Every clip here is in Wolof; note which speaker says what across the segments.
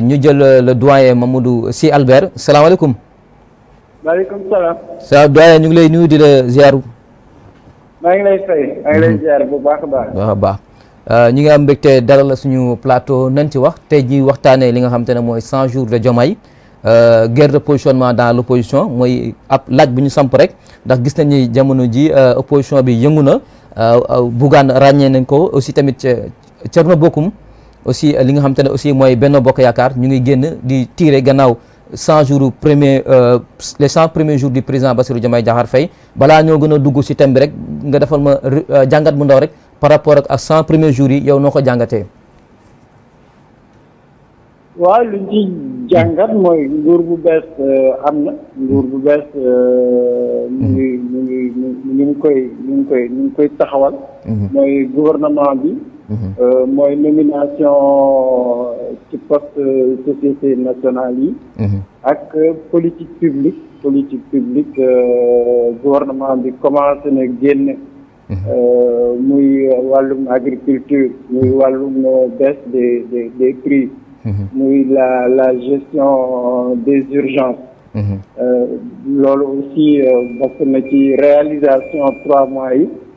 Speaker 1: ñu jël euh, le doyen Mamadou Sy Albert salaamaaleykum.
Speaker 2: maaleykum salaam.
Speaker 1: sa doyen ñu ngi lay nuyu di la mhm. ziar. baax a baax. baax a baax euh, ñu ngi am mbégte dara la suñu plateau nañ ci wax tey jii waxtaanee li nga xam te ne mooy 100 jours de jomay euh, guerre de positionnement dans l' opposition mooy ab laaj bu ñu samp rek ndax gis nañ jamono ji opposition bi yëngu na Bougane ràññee nañ ko aussi tamit Thierno bokkum aussi euh, li nga xam te ne aussi mooy benn Bokk Yaakaar ñu ngi génn di tiire gannaaw cent jours premier euh, les cent premiers jours du président Bassirou Diomaye Diakhar Faye balaa ñoo gën a dugg si bi rek nga defal ma euh, jàngat bu ndaw rek par rapport ak cent premiers jours yi yow noo ko jàngatee.
Speaker 2: waaw lu ci jàngat mooy nguur bu bees am na nguur bu bees ñu ngi ñu koy ngi koy taxawal. Mm-hmm. mooy gouvernement bi. Mhm. Euh, mooy nomination euh, qui poste euh, société nationale mhm. avec la politique publique politique publique gouvernement de commencé na génn. Mhm. muy agriculture muy wàllum baisse des des prix. nous la la gestion des urgences. loolu aussi que na ci réalisation trois mois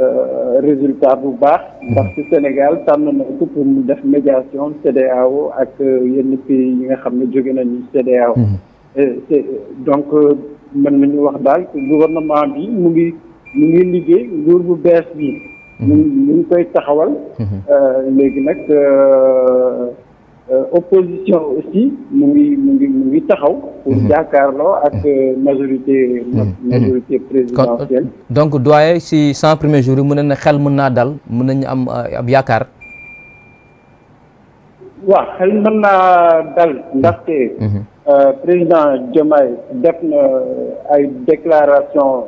Speaker 2: Euh, résultat bu baax. ndax mm-hmm. ci Sénégal tànn na ko pour mu def médiation CEDEAO ak euh, yenn pays yi nga xam ne jóge nañu mm-hmm. CEDEAO. donc euh, mën nañu wax daal gouvernement bi mu ngi mu ngi liggéey nguur bu bees bi. Mm-hmm. mu ngi koy taxawal. léegi nag. Euh, opposition aussi mu taxaw. pour mhm. euh, majorité. Mhm. Mhm. majorité présidentielle.
Speaker 1: donc doyé si cent premiers jours yi xel dal
Speaker 3: euh,
Speaker 2: président def déclaration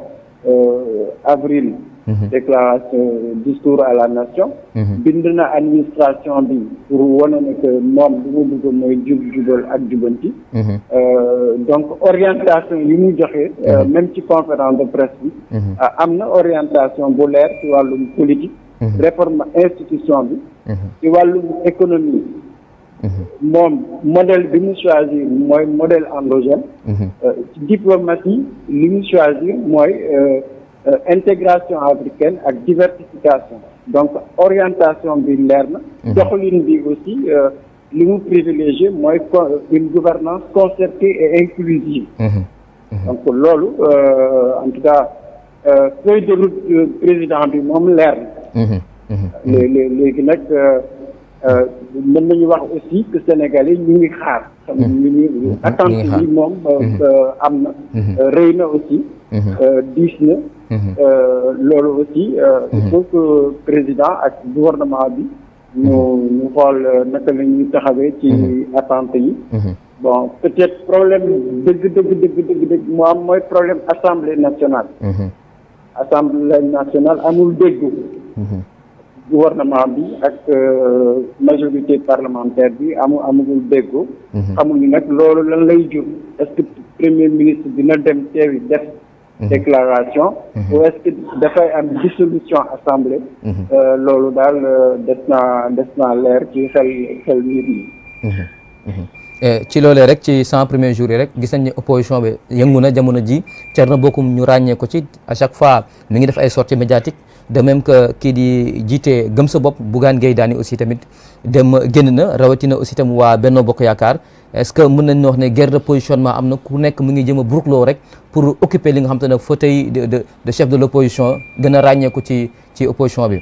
Speaker 2: avril. Mhm. déclaration euh, discours à la nation. Mhm. bindna na administration bi pour wane que mom bu mu bëgg moy djub djubal ak mhm. euh, donc orientation yi mu joxe. Euh, même ci conférence de presse bi. une orientation bu leer ci walu politique. réforme institution bi. ci walu économie. mom modèle bi mu choisir moy modèle endogène. ci diplomatie li mu choisir euh euh, intégration africaine avec diversification donc orientation de leer na. Mhm. doxalin bi aussi nous euh, privilégions une gouvernance concertée et inclusive. Mhm. Mhm. donc loolu euh, en tout cas feuille de route président du monde, leer Les léegi nag mën nañu wax aussi que Sénégalais ñu ngi xaar. xam
Speaker 3: ngi aussi. Mhm.
Speaker 2: Euh, diis mhm. euh, loolu aussi. Euh, mhm. il faut que président ak gouvernement bi. ñu ñu xool euh, naka la ñuy taxawee. ci attente yi. bon peut-être problème dëgg dëgg dëgg dëgg dëgg mu am mooy problème assemblée nationale. assemblée nationale amul déggu. gouvernement bi ak majorité parlementaire bi amul amul déggoo. xamuñu nag loolu lan lay jur est-ce que premier ministre dina dem teewi def déclaration. ou est-ce que dafay am dissolution assemblée. Euh, loolu daal euh, des naa des naa leer ci xel xel
Speaker 1: loolee rek ci cent premiers jours yi rek gis nañ ne opposition bi yëngu na jamono ji na bokkum ñu ràññee ci à chaque fois mi ngi def ay sorties médiatiques. de même que kii di jiite gëm sa bopp Bougane Gueye Dany aussi tamit dem génn na rawatina aussi tam waa Benno Bokk Yaakaar est-ce que mën nañu wax ne guerre de positionnement am na ku nekk mu ngi jëm a brukloo rek pour occuper li nga xam te ne fauteuil de de chef de l'opposition gën a ràññeeku ci ci opposition bi.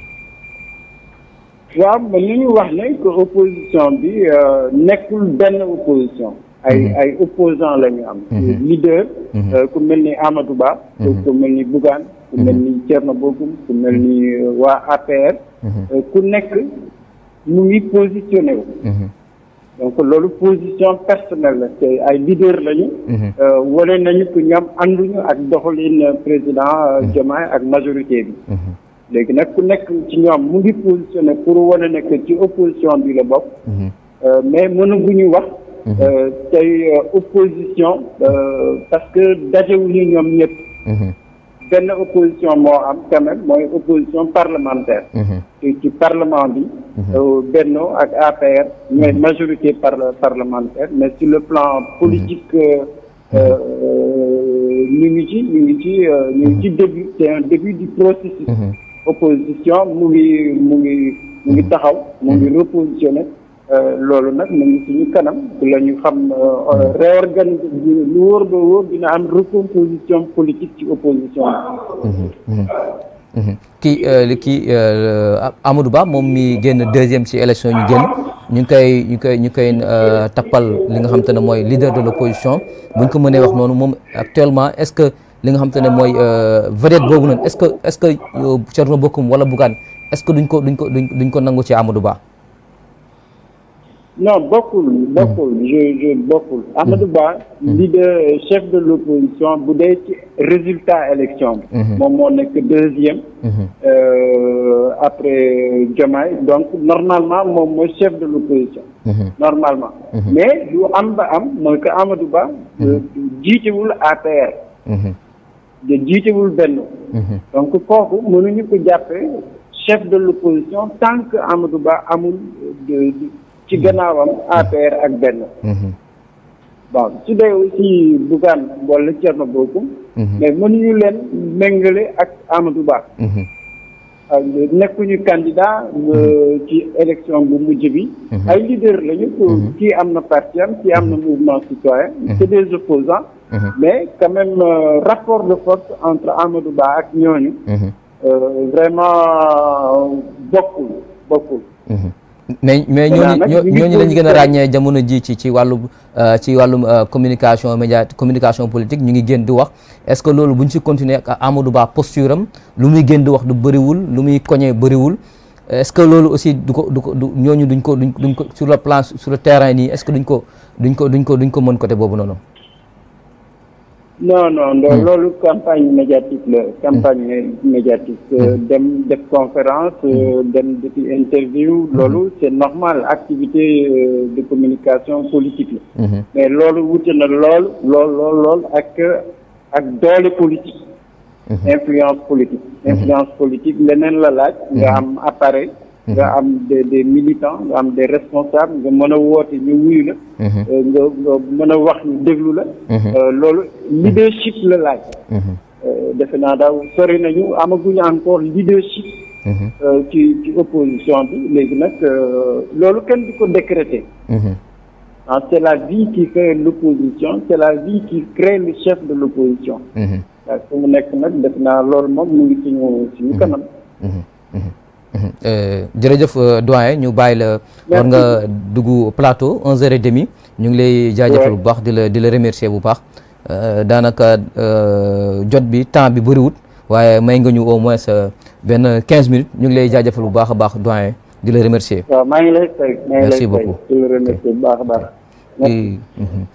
Speaker 2: waaw li ñu wax ne que opposition bi euh, nekkul benn opposition. ay mhm. ay opposants la ñu am. Mhm. Mhm. Euh, ku mel ni Amadou Ba. ku mel ni Bougane. ku mel ni mhm. Thierno Bocoum ku mel mhm. ni euh, waa APR. Mhm. Euh, ku nekk mu ngi positionné wu. donc loolu position personnelle la te ay leader lañu. Euh, wane nañu que ñoom anduñu ak doxalin président Diomaye ak majorité bi. léegi nag ku nekk ci ñoom mu ngi positionné pour wane ne ci opposition bi la bokk. mais mënaguñu wax. tey opposition parce que dajewuñu ñoom ñëpp benn opposition moo am quand même mooy opposition parlementaire. Mhm. ci ci parlement bi. Mhm. Euh, Benno ak APR. mais mhm. majorité par parlementaire mais sur le plan politique. Euh, euh, ñu ngi ci ñu ngi ci ñu ngi ci début c'est un début du processus. opposition mu ngi mu ngi mu ngi taxaw mu ngi repositionné. loolu nag mu ngi suñu kanam di lañu xam réorganiser bi lu wóor ba wóor dina am recomposition politique ci opposition
Speaker 1: ki li ki Amadou Ba moom mi génn deuxième ci élection ñu génn ñu ngi ñu koy eh, ñu koy tapal li nga xam te ne leader de l' opposition bu ñu ko mënee wax noonu moom actuellement est ce que li nga xam te eh, ne vedette boobu noonu est ce que est ce que Thierno Bokoum wala Bougane est ce que duñ ko duñ ko duñ ko nangu ci Amadou Ba.
Speaker 2: Non, beaucoup, hmm. beaucoup, je je beaucoup. Hmm. Amadou hmm. leader chef de l'opposition bu résultat élection moi, je suis le deuxième euh, après Jamaï donc normalement suis le chef de l'opposition normalement mais du am ba am euh, de que Je suis le APR de Donc benn donc je suis ko chef de l'opposition tant que Amadou Ba amul de ci gannaawam APR ak benn mhm. bon su dee aussi Bougane wala Thierno Bocoum mhm. mais mënuñu leen méngale ak Amadou Ba mhm. euh, nekkuñu candidat euh, ci élection bu mujj bi ay leader lañu pour kii am na parti am kii am na mouvement citoyen c'est des opposants mais quand même euh, rapport de force entre Amadou Ba ak ñooñu vraiment bokkul bokkul
Speaker 1: mais mais ñooñu ñooñu lañu gën a ràññee jamono ji ci ci wàllum euh, ci wàllum euh, communication média communication politique ñu ngi gën di wax est-ce que loolu bu ñu si continuer ak Amadou Ba posture am lu muy gën di wax du bëriwul lu muy koñee bëriwul est-ce que loolu aussi du ko du ko ñooñu duñ ko duñ ko sur le plan sur le terrain nii est-ce que duñ ko duñ ko duñ ko duñ ko mën côté boobu noonu.
Speaker 2: non non hmm. loolu campagne médiatique la hmm. campagne médiatique euh, hmm. dem def conférence euh, dem de interview loolu c'est normal activité euh, de communication politique mais loolu wute na lool lool lool lool ak ak doole politique influence politique influence politique leneen la laaj nga am appareil Mm-hmm. nga am des des militants nga am des responsables nga mën a woote ñu wuyu la. Mm-hmm. Euh, nga nga mën a wax ñu déglu la. Mm-hmm. Euh, loolu leadership la laaj. Euh, defe naa daaw sori nañu amaguñu encore leadership. ci ci opposition bi léegi nag loolu kenn du ko décréter. ah c'est la vie qui crée l'opposition c'est la vie qui crée le chef de l'opposition. waaw su mu nekk nag def naa loolu moom mu ngi ci suñu suñu kanam.
Speaker 1: Euh, jërëjëf euh, doyen ñu bàyyi la war nga dugg plateau onze heures et demie ñu ngi lay jaajëfal bu baax di la di la remercier bu baax euh, daanaka jot bi temps bi bëriwut waaye may nga ñu au moins benn quinze minutes ñu ngi lay jaajëfal bu baax a baax doyen di la remercier
Speaker 2: lay fay
Speaker 1: merci